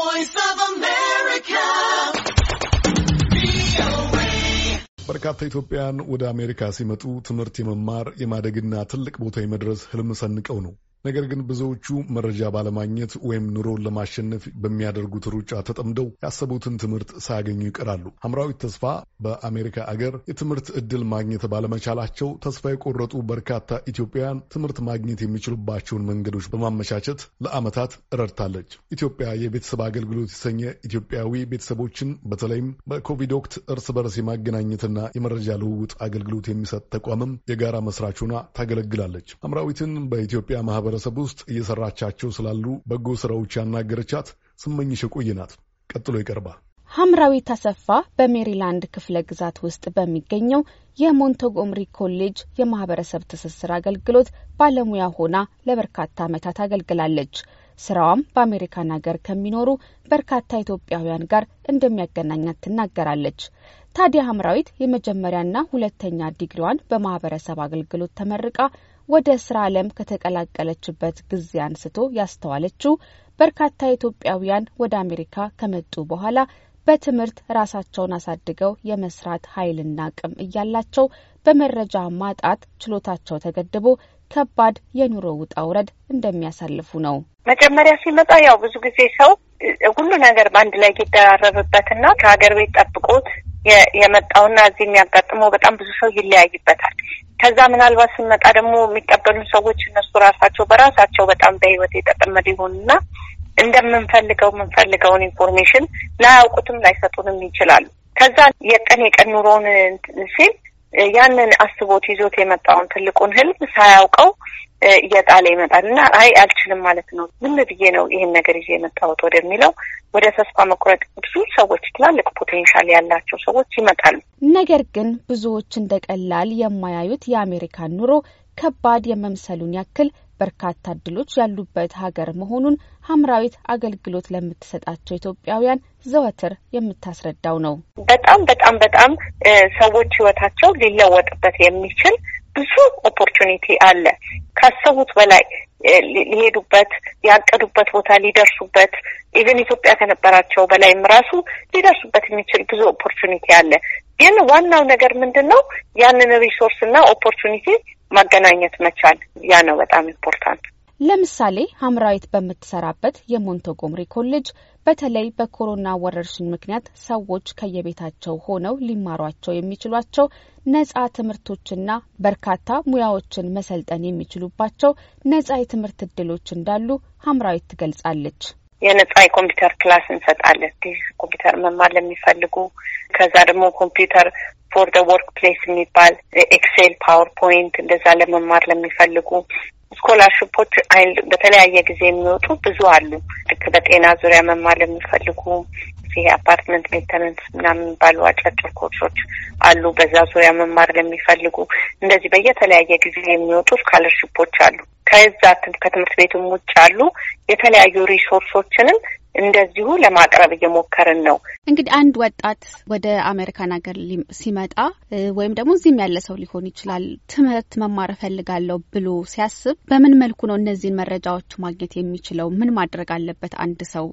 voice of America. በርካታ ኢትዮጵያውያን ወደ አሜሪካ ሲመጡ ትምህርት የመማር የማደግና ትልቅ ቦታ የመድረስ ህልም ሰንቀው ነው ነገር ግን ብዙዎቹ መረጃ ባለማግኘት ወይም ኑሮን ለማሸነፍ በሚያደርጉት ሩጫ ተጠምደው ያሰቡትን ትምህርት ሳያገኙ ይቀራሉ። ሐምራዊት ተስፋ በአሜሪካ አገር የትምህርት ዕድል ማግኘት ባለመቻላቸው ተስፋ የቆረጡ በርካታ ኢትዮጵያውያን ትምህርት ማግኘት የሚችሉባቸውን መንገዶች በማመቻቸት ለዓመታት ረድታለች። ኢትዮጵያ የቤተሰብ አገልግሎት የተሰኘ ኢትዮጵያዊ ቤተሰቦችን በተለይም በኮቪድ ወቅት እርስ በርስ የማገናኘትና የመረጃ ልውውጥ አገልግሎት የሚሰጥ ተቋምም የጋራ መስራች ሆና ታገለግላለች። ሐምራዊትን በኢትዮጵያ ማህበር ማህበረሰብ ውስጥ እየሰራቻቸው ስላሉ በጎ ስራዎች ያናገረቻት ስመኝሽ የቆየ ናት። ቀጥሎ ይቀርባል። ሐምራዊ ተሰፋ በሜሪላንድ ክፍለ ግዛት ውስጥ በሚገኘው የሞንቶጎምሪ ኮሌጅ የማህበረሰብ ትስስር አገልግሎት ባለሙያ ሆና ለበርካታ ዓመታት አገልግላለች። ስራዋም በአሜሪካን ሀገር ከሚኖሩ በርካታ ኢትዮጵያውያን ጋር እንደሚያገናኛት ትናገራለች። ታዲያ ሐምራዊት የመጀመሪያና ሁለተኛ ዲግሪዋን በማህበረሰብ አገልግሎት ተመርቃ ወደ ስራ ዓለም ከተቀላቀለችበት ጊዜ አንስቶ ያስተዋለችው በርካታ ኢትዮጵያውያን ወደ አሜሪካ ከመጡ በኋላ በትምህርት ራሳቸውን አሳድገው የመስራት ኃይልና አቅም እያላቸው በመረጃ ማጣት ችሎታቸው ተገድቦ ከባድ የኑሮ ውጣ ውረድ እንደሚያሳልፉ ነው። መጀመሪያ ሲመጣ ያው ብዙ ጊዜ ሰው ሁሉ ነገር በአንድ ላይ ይደራረብበትና ከሀገር ቤት ጠብቆት የመጣውና እዚህ የሚያጋጥመው በጣም ብዙ ሰው ይለያይበታል። ከዛ ምናልባት ስንመጣ ደግሞ የሚቀበሉ ሰዎች እነሱ ራሳቸው በራሳቸው በጣም በህይወት የተጠመዱ ይሆኑና እንደምንፈልገው የምንፈልገውን ኢንፎርሜሽን ላያውቁትም ላይሰጡንም ይችላሉ። ከዛ የቀን የቀን ኑሮውን ሲል ያንን አስቦት ይዞት የመጣውን ትልቁን ህልም ሳያውቀው እየጣለ ይመጣል እና አይ አልችልም ማለት ነው፣ ዝም ብዬ ነው ይህን ነገር ይዤ የመጣሁት ወደሚለው ወደ ተስፋ መቁረጥ ብዙ ሰዎች ትላልቅ ፖቴንሻል ያላቸው ሰዎች ይመጣሉ። ነገር ግን ብዙዎች እንደ ቀላል የማያዩት የአሜሪካን ኑሮ ከባድ የመምሰሉን ያክል በርካታ እድሎች ያሉበት ሀገር መሆኑን ሀምራዊት አገልግሎት ለምትሰጣቸው ኢትዮጵያውያን ዘወትር የምታስረዳው ነው። በጣም በጣም በጣም ሰዎች ህይወታቸው ሊለወጥበት የሚችል ብዙ ኦፖርቹኒቲ አለ። ካሰቡት በላይ ሊሄዱበት ያቀዱበት ቦታ ሊደርሱበት ኢቨን ኢትዮጵያ ከነበራቸው በላይም ራሱ ሊደርሱበት የሚችል ብዙ ኦፖርቹኒቲ አለ። ግን ዋናው ነገር ምንድን ነው? ያንን ሪሶርስ እና ኦፖርቹኒቲ ማገናኘት መቻል። ያ ነው በጣም ኢምፖርታንት። ለምሳሌ ሀምራዊት በምትሰራበት የሞንቶጎምሪ ኮሌጅ በተለይ በኮሮና ወረርሽኝ ምክንያት ሰዎች ከየቤታቸው ሆነው ሊማሯቸው የሚችሏቸው ነጻ ትምህርቶችና በርካታ ሙያዎችን መሰልጠን የሚችሉባቸው ነጻ የትምህርት እድሎች እንዳሉ ሀምራዊት ትገልጻለች። የነጻ የኮምፒውተር ክላስ እንሰጣለን። ኮምፒውተር መማር ለሚፈልጉ ከዛ ደግሞ ኮምፒውተር ፎር ደ ወርክ ፕሌስ የሚባል ኤክሴል፣ ፓወር እንደዛ ለመማር ለሚፈልጉ ስኮላርሽፖች በተለያየ ጊዜ የሚወጡ ብዙ አሉ። ልክ በጤና ዙሪያ መማር የሚፈልጉ ይሄ አፓርትመንት ሜንተነንስ ምናምን የሚባሉ አጫጭር ኮርሶች አሉ። በዛ ዙሪያ መማር ለሚፈልጉ እንደዚህ በየተለያየ ጊዜ የሚወጡ ስኮላርሽፖች አሉ። ከዛ ከትምህርት ቤቱም ውጭ አሉ የተለያዩ ሪሶርሶችንም እንደዚሁ ለማቅረብ እየሞከርን ነው። እንግዲህ አንድ ወጣት ወደ አሜሪካን ሀገር ሲመጣ ወይም ደግሞ እዚህም ያለ ሰው ሊሆን ይችላል ትምህርት መማር እፈልጋለሁ ብሎ ሲያስብ በምን መልኩ ነው እነዚህን መረጃዎች ማግኘት የሚችለው? ምን ማድረግ አለበት? አንድ ሰው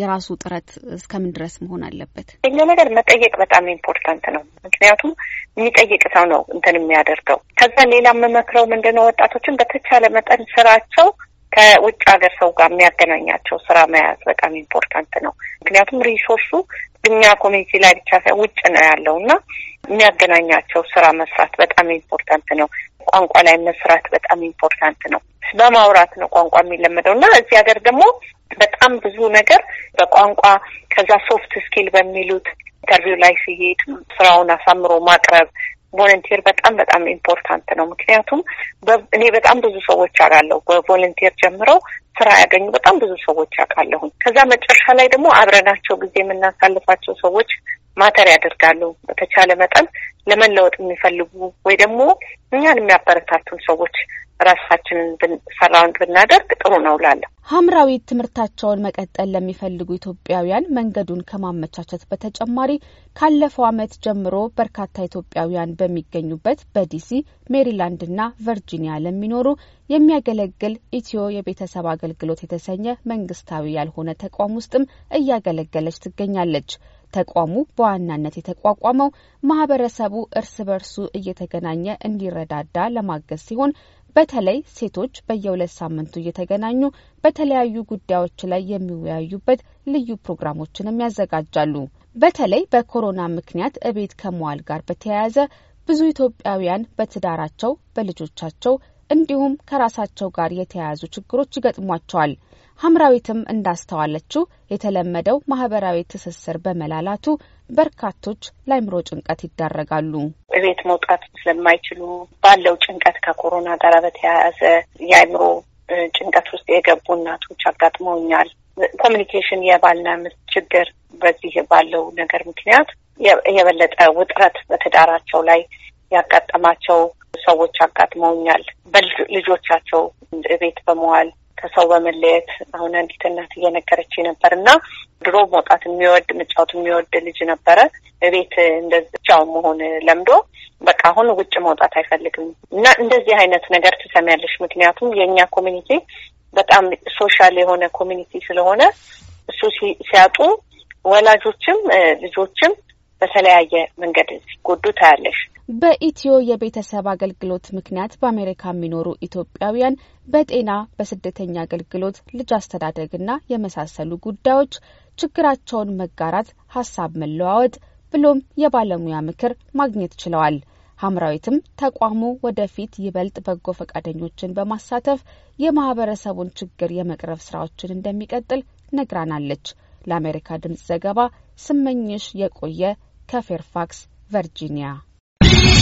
የራሱ ጥረት እስከምን ድረስ መሆን አለበት? እኛ ነገር መጠየቅ በጣም ኢምፖርታንት ነው። ምክንያቱም የሚጠይቅ ሰው ነው እንትን የሚያደርገው። ከዛ ሌላ የምመክረው ምንድነው ወጣቶችን በተቻለ መጠን ስራቸው ከውጭ ሀገር ሰው ጋር የሚያገናኛቸው ስራ መያዝ በጣም ኢምፖርታንት ነው። ምክንያቱም ሪሶርሱ እኛ ኮሚኒቲ ላይ ብቻ ሳይሆን ውጭ ነው ያለው እና የሚያገናኛቸው ስራ መስራት በጣም ኢምፖርታንት ነው። ቋንቋ ላይ መስራት በጣም ኢምፖርታንት ነው። በማውራት ነው ቋንቋ የሚለመደው እና እዚህ ሀገር ደግሞ በጣም ብዙ ነገር በቋንቋ ከዛ ሶፍት ስኪል በሚሉት ኢንተርቪው ላይ ሲሄድ ስራውን አሳምሮ ማቅረብ ቮለንቲር በጣም በጣም ኢምፖርታንት ነው። ምክንያቱም እኔ በጣም ብዙ ሰዎች አውቃለሁ በቮለንቲር ጀምረው ስራ ያገኙ በጣም ብዙ ሰዎች አውቃለሁ። ከዛ መጨረሻ ላይ ደግሞ አብረናቸው ጊዜ የምናሳልፋቸው ሰዎች ማተር ያደርጋሉ። በተቻለ መጠን ለመለወጥ የሚፈልጉ ወይ ደግሞ እኛን የሚያበረታቱን ሰዎች ራሳችንን ሰራውን ብናደርግ ጥሩ ነው ላለ ሀምራዊ ትምህርታቸውን መቀጠል ለሚፈልጉ ኢትዮጵያውያን መንገዱን ከማመቻቸት በተጨማሪ ካለፈው ዓመት ጀምሮ በርካታ ኢትዮጵያውያን በሚገኙበት በዲሲ ሜሪላንድ እና ቨርጂኒያ ለሚኖሩ የሚያገለግል ኢትዮ የቤተሰብ አገልግሎት የተሰኘ መንግስታዊ ያልሆነ ተቋም ውስጥም እያገለገለች ትገኛለች። ተቋሙ በዋናነት የተቋቋመው ማህበረሰቡ እርስ በርሱ እየተገናኘ እንዲረዳዳ ለማገዝ ሲሆን በተለይ ሴቶች በየሁለት ሳምንቱ እየተገናኙ በተለያዩ ጉዳዮች ላይ የሚወያዩበት ልዩ ፕሮግራሞችንም ያዘጋጃሉ። በተለይ በኮሮና ምክንያት እቤት ከመዋል ጋር በተያያዘ ብዙ ኢትዮጵያውያን በትዳራቸው፣ በልጆቻቸው፣ እንዲሁም ከራሳቸው ጋር የተያያዙ ችግሮች ይገጥሟቸዋል። ሐምራዊትም እንዳስተዋለችው የተለመደው ማህበራዊ ትስስር በመላላቱ በርካቶች ለአይምሮ ጭንቀት ይዳረጋሉ። እቤት መውጣት ስለማይችሉ ባለው ጭንቀት ከኮሮና ጋር በተያያዘ የአይምሮ ጭንቀት ውስጥ የገቡ እናቶች አጋጥመውኛል። ኮሚኒኬሽን የባልና ሚስት ችግር በዚህ ባለው ነገር ምክንያት የበለጠ ውጥረት በትዳራቸው ላይ ያጋጠማቸው ሰዎች አጋጥመውኛል። በልጆቻቸው ቤት በመዋል ከሰው በመለየት አሁን አንዲት እናት እየነገረች ነበር እና ድሮ መውጣት የሚወድ መጫወት የሚወድ ልጅ ነበረ። ቤት እንደዚህ መሆን ለምዶ በቃ አሁን ውጭ መውጣት አይፈልግም እና እንደዚህ አይነት ነገር ትሰሚያለሽ። ምክንያቱም የእኛ ኮሚኒቲ በጣም ሶሻል የሆነ ኮሚኒቲ ስለሆነ እሱ ሲያጡ ወላጆችም ልጆችም በተለያየ መንገድ ሲጎዱ ታያለሽ። በኢትዮ የቤተሰብ አገልግሎት ምክንያት በአሜሪካ የሚኖሩ ኢትዮጵያውያን በጤና፣ በስደተኛ አገልግሎት፣ ልጅ አስተዳደግና የመሳሰሉ ጉዳዮች ችግራቸውን መጋራት፣ ሀሳብ መለዋወጥ ብሎም የባለሙያ ምክር ማግኘት ችለዋል። ሀምራዊትም ተቋሙ ወደፊት ይበልጥ በጎ ፈቃደኞችን በማሳተፍ የማህበረሰቡን ችግር የመቅረፍ ስራዎችን እንደሚቀጥል ነግራናለች። ለአሜሪካ ድምጽ ዘገባ ስመኝሽ የቆየ ከፌርፋክስ ቨርጂኒያ